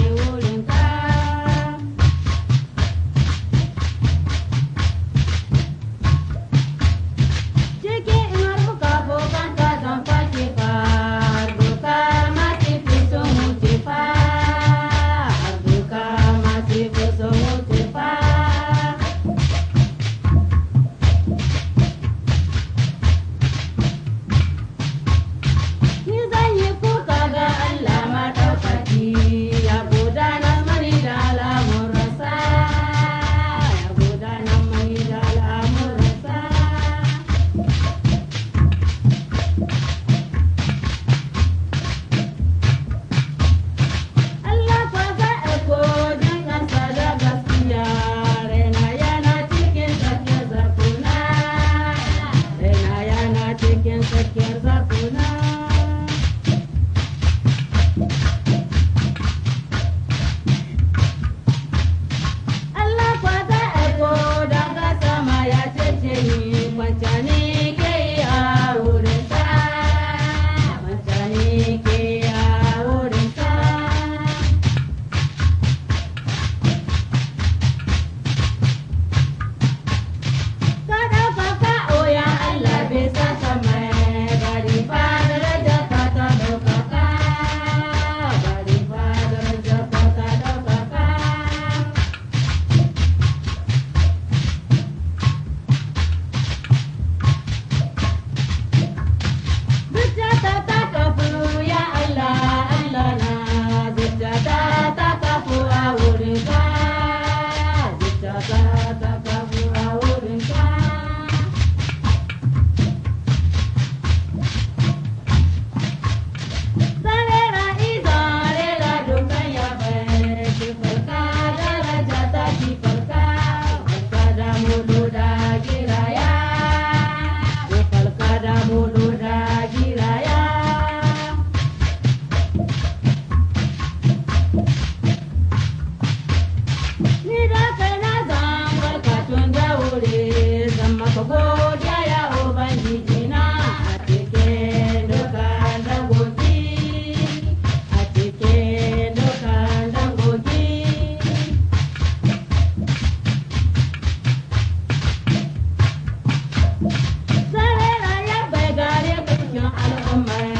Hollywood. tonight. Sare la ya bagare kun yo al'umma